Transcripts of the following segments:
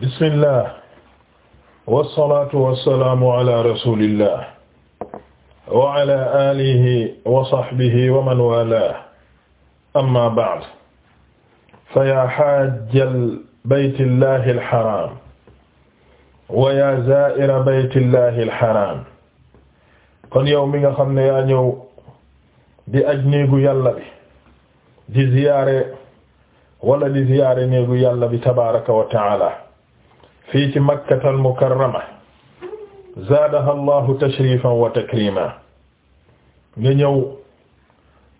bismillah walsalatu walsalaamu ala rasulillah wa ala alihi wa sahbihi wa man walah amma ba'd fa ya hajjal baytillahi alharam wa ya zaa'ira baytillahi alharam kon yow mi nga xam ne yaa ñëw di aj néegu yàlla bi di ziyaare wala di ziyaare néegu yàlla bi tabaraka wa taala fii ci makkatal mukarrama zaadaha allahu tashrifan wa takrima nga ñëw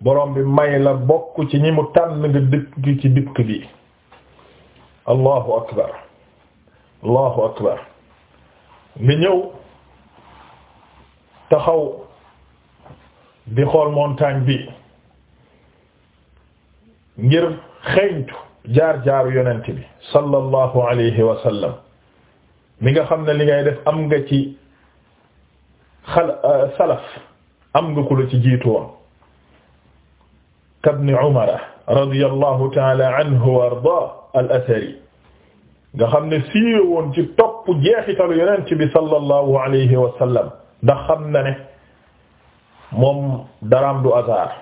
borom bi may la bokk ci ñi mu tànn nga dëkk ci dëkk bi allahu akbar allahu akbar nga ñëw taxaw di xool montagne bi ngir xeeñtu jaar jaaru yonent bi sallallahu alayhi wa sallam mi nga xam ne li ngay def am nga ci xal euh, salaf am nga ku la ci jiitu woon kabni umara radiyallahu taala anhu wa ardaa al athari nga xam ne siiwe woon ci topp jeexitalu yonent bi sallallahu alayhi wa sallam ndax xam na ne moom daraam du hasard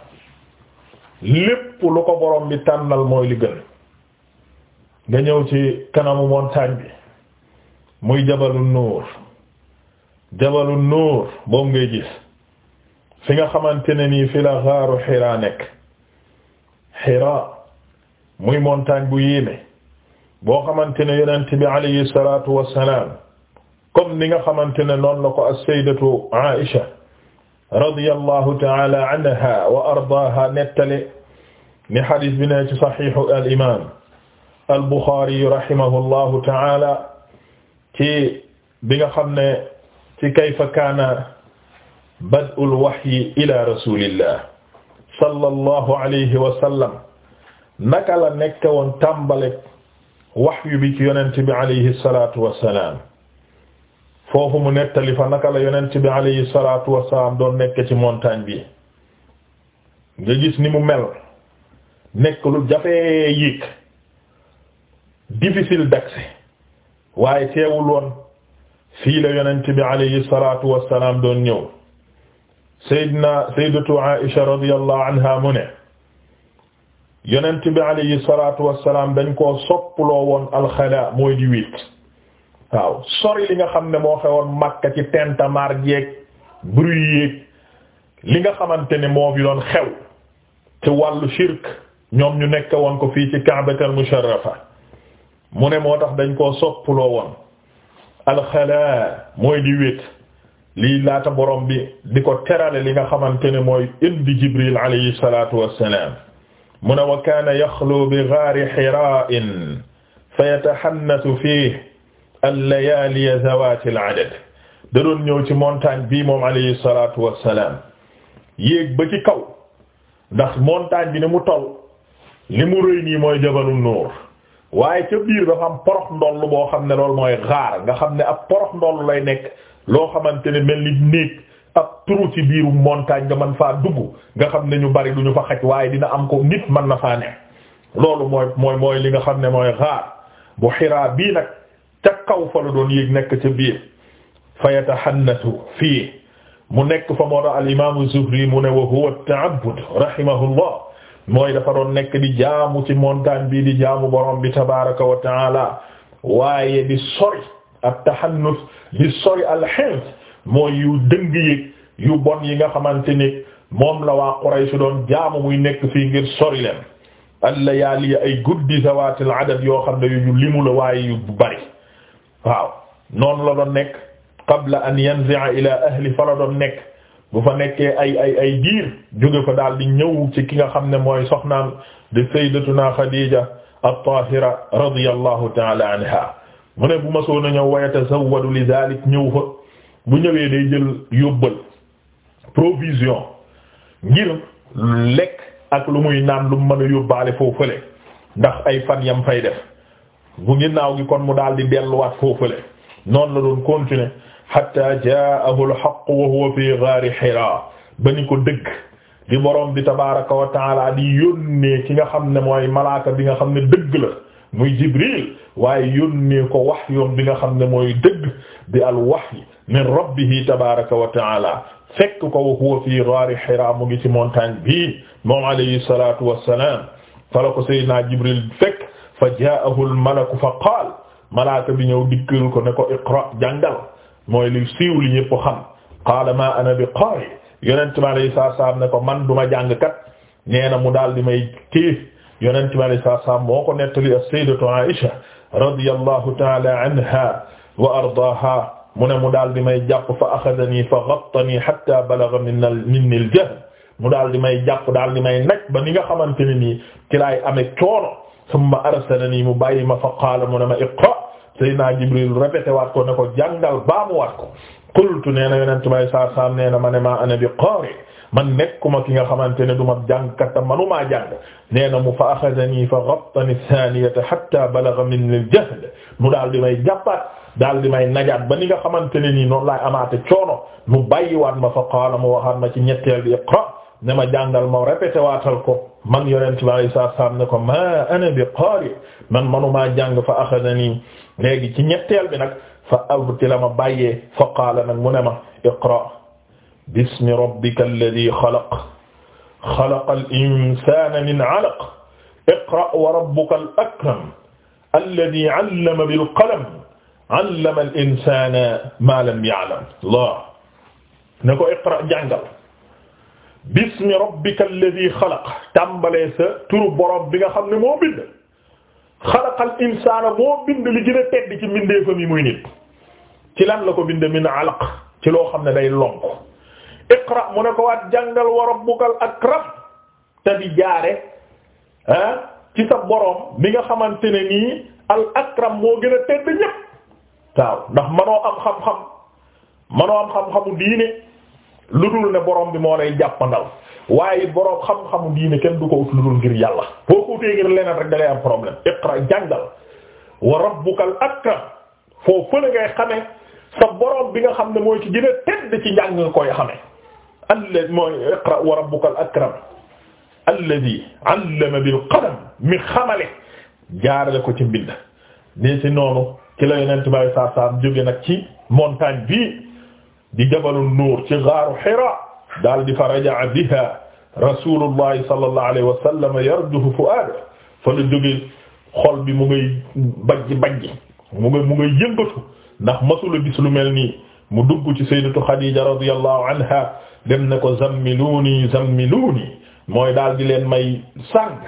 lépp lu ko borom bi tànnal mooy li gën ñëw ci kanamu montagne bi muy jabalu nuur jabalu nuur moom ngay gis fi nga xamante ne nii fi la xaaru xiraa nekk xiraa muy montagne bu yéeme boo xamante ne yonent bi alayhi salaatu wassalaam comme ni nga xamante ne noonu la ko as-sayyidatu Aisha radiyallahu ta'ala anha wa ardaaha nettale ni xadiis bi ne ci saxiixu al imaam al Buxaari rahimahullahu ta'ala ci bi nga xam ne ci kayfa kaana bad'ul wahyi ila rasulillah sallallahu alayhi wa sallam naka la nekk woon tàmbale wahyu bi ci yonent bi alayhi salatu wassalam foofu mu nettali fa naka la yonent bi alayhi salatu wassalam doon nekk ci montagne bi nga gis ni mu mel nekk lu jafee yéeg difficile d'accès waaye teewul woon fii la yonent bi alayhi salaatu wassalaam doon ñëw sayyidina sayyidatu Aisha radiyallahu anha mu ne yonent bi salaatu wassalaam dañ koo soppuloo woon alxala mooy di wiit waaw sori li nga xam ne moo xewoon Makka ci tintamarre yeeg bruit yeeg li nga xamante ne moo fi doon xew ci wàllu shirk ñoom ñu nekk woon ko fii ci Kaaba al mu ne moo tax dañ koo soppuloo woon alxalaa mooy di wéet lii laata borom bi di ko terale li nga xamante ne mooy indi jibril alayhi salatu wassalaam mu ne wa kaana yaxlu bi gaari xiraain fa yataxannasu fiih allayaaliya zawaati aladad da doon ñëw ci montagne bii moom alayhi salatu wassalaam yéeg ba ci kaw ndax montagne bi ni mu taw li mu rëy nii mooy jabalu nuur waaye ca biir dafa am porox ndoll boo xam ne loolu mooy xaar nga xam ne ab porox ndoll lay nekk loo xamante ne mel ni néeg ab trou ci biiru montagne nga mën faa dugg nga xam ne ñu bari du ñu fa xaj waaye dina am ko nit mën na faa ne loolu mooy mooy mooy li nga xam ne mooy xaar bu xiraa bii nag ca kaw fa la doon yéeg nekk ca biir fa yataxannasu fii mu nekk fa moo tax al imaamu Zuhri mu ne wa huwa at-ta'abbud rahimahullah mooy dafa doon nekk di jaamu ci montagne bi di jaamu borom bi tabaraka wa taala waaye di sori ak tahannus di sori alxins mooy yu dëng yi yu bon yi nga xamante ni moom la waa Quraysh doon jaamu muy nekk fii ngir sori leen allayaali ay guddi zawaatil adad yoo xam ne yu limu la waaye yu bari waaw noonu la doon nekk qabla an yanzi'a ila ahli fa doon nekk bu fa nekkee ay ay ay diir jóge fa daal di ñëw ci ki nga xam ne mooy soxnaam di sayyidatuna Khadija at-Tahira radiyallahu ta'ala anha mu ne bu ma soona ñëw wa yatazawwadu li zalik ñëw fa bu ñëwee day jël yóbbal provision ngir lekk ak lu muy naan lu mu mën a yóbbaale foofu fële ndax ay fan yam fay def bu ginnaaw gi kon mu daal di delluwaat foofu fële noonu la doon continuer hatta jaahu alxaqu wa huwa fi gaari Hira ba ni ko dëgg di borom bi tabaraka wa taala di yónnee ki nga xam ne mooy malaaka bi nga xam ne dëgg la muy Jibril waaye yónnee ko wax yoon bi nga xam ne mooy dëgg di alwahyi min rabbihi tabaraka wa taala fekk ko wa huwa fi gaari Hira mu ngi ci montagne bi moom alayhi salatu wassalam fala ko Seydina Jibril fekk fa jaahu almalaku fa qaal malaaka bi ñëw dikkal ko ne ko iqra jàngal mooy li siiw li ñëpp xam qaala ma ana bi qaari yonent bi alayhi salaatu salaam ne ko man duma jàng kat nee na mu daal di may téef yonent bi alayhi salaatu salaam moo ko nettali as-sayyidatu Aisha radiyallahu ta'ala anha wa ardaaha mu ne mu daal di may jàpp fa axadani fa ghattani hatta balagha minni al-jahl mu daal di may jàpp daal di may naj ba ni nga xamante ne nii ci laay amee coono summa arsalani mu bàyyi ma fa qaala mu ne ma iqra Seydina Jibril répété waat ko ne ko jàngal baamu waat ko qultu nee na yonent saa saam nee na ma ne maa ana bi qaari man nekkuma ki nga xamante ne du ma jàngkata manumaa jàng nee na mu fa axadani fa ghattani thaniyata hatta balagha minni al-jahd mu daal di may jàppaat daal di may najaat ba ni nga xamante ne nii noonu laay amaate coono mu bàyyiwaat ma fa qaala mu waxaat ma ci ñetteel bi iqra ne ma jàngal ma répété waatal ko man yonent bi alayhi salaam ne ko ma ana bi qaari man manumaa jàng fa axadani léegi ci ñetteel bi nag fa abti la ma bàyyee fa qaala nag mu ne ma iqra bismi rabbika alladi xalaq xalaqa al insana min alaq iqra wa rabbuka al akram alladi allama bil qalam allama al insana ma lam ya'lam la ne ko iqra jàngal bismi rabbika alladhi xalaq tàmbalee sa turu borom bi nga xam ne moo bind xalaqal insaana moo bind li gën a tedd ci mbindeefam yi muy nit ci lan la ko bind min alaq ci loo xam ne day lonk iqra mu ne ko waat jàngal wa rabbukal akram te di jaare ah ci sa borom bi nga xamante ne nii al moo gën a tedd ñépp waaw ndax manoo am xam-xam manoo am xam-xamu diine lu dul ne borom bi moo lay jàppandal waaye borom xam-xamu diine kenn du ko ut lu dul ngir yàlla boo ko utee ngir leneen rek da lay am problème iqra jàngal wa rabbukal akram foo fële ngay sa borom bi nga xam ne mooy ci gën a ci njàng nga koy xamee alla mooy iqra wa rabbukal akram alladi allama bil qalam mi xamale jaarale ko ci mbind nii si noonu ci la yonent bi saa saa jóge nag ci montagne bi di jabalu nuur ci gaaru Hira daal di fa raja'a biha rasulullahi sallallahu alayhi wa sallam yarjufu fu'aadahu fa la jóge xol bi mu ngay bajj bajj mu ngay mu ngay yëngatu ndax masula gis lu mel nii mu dugg ci sayyidatu Xadiija radiyallahu anha dem ne ko zammiluuni zammiluuni mooy daal di leen may sàng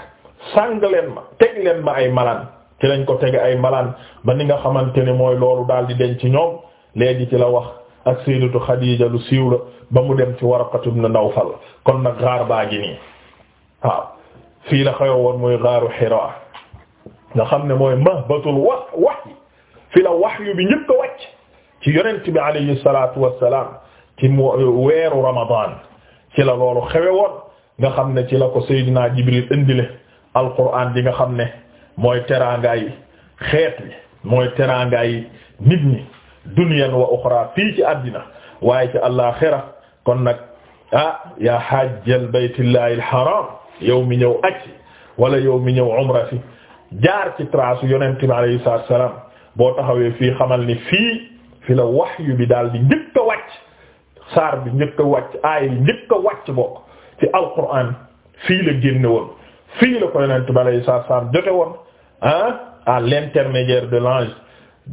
sàng leen ma teg leen ma ay malaan ci lañ ko teg ay malaan ma ni nga xamante ne mooy loolu daal di denc ci ñoom léegi ci la wax ak sayyidatu Xadiija lu siiw la ba mu dem ci Waraqatu ibn Nawfal kon nag gaar baa gi fii la xew mooy muy gaaru Hiraa nga xam ne mooy mahbatul wax wax yi fi la wahyu bi njëkk a wàcc ci yonent bi alayhi salaatu wassalaam ci weeru Ramadan ci la loolu xewe nga xam ne ci la ko Seydina Jibril indile alquran bi nga xam ne mooy teraangaay xeet bi mooy teraangaay nit ñi dunyan wa uxra fii ci àddina waaye ci àllaaxira kon nag ah yaa alharam yow mi ñëw aj wala yow mi ñëw umra si jaar ci trace yonent bi salaam boo taxawee fii xamal ni fii fi la wahyu bi daal di njëkk a wàcc saar bi njëkk a wàcc aay bi njëkk a wàcc bokk ci alquran fii la génne woon fii la ko yonent bi salaam jote woon ah à de l'ange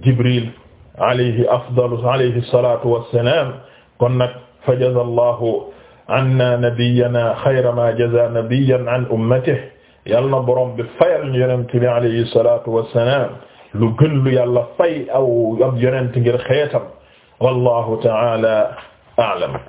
Jibril alayhi afdalu alayhi salatu wassalam kon nag fa jaza allahu anna nabiyyana xayra ma jaza nabiyyan an ummatihi yal na borom bi fayal ñu yonent bi alayhi salatu wassalam lu gën lu yàlla fay aw ab yonent ngir xeetam wallahu ta'ala a'lam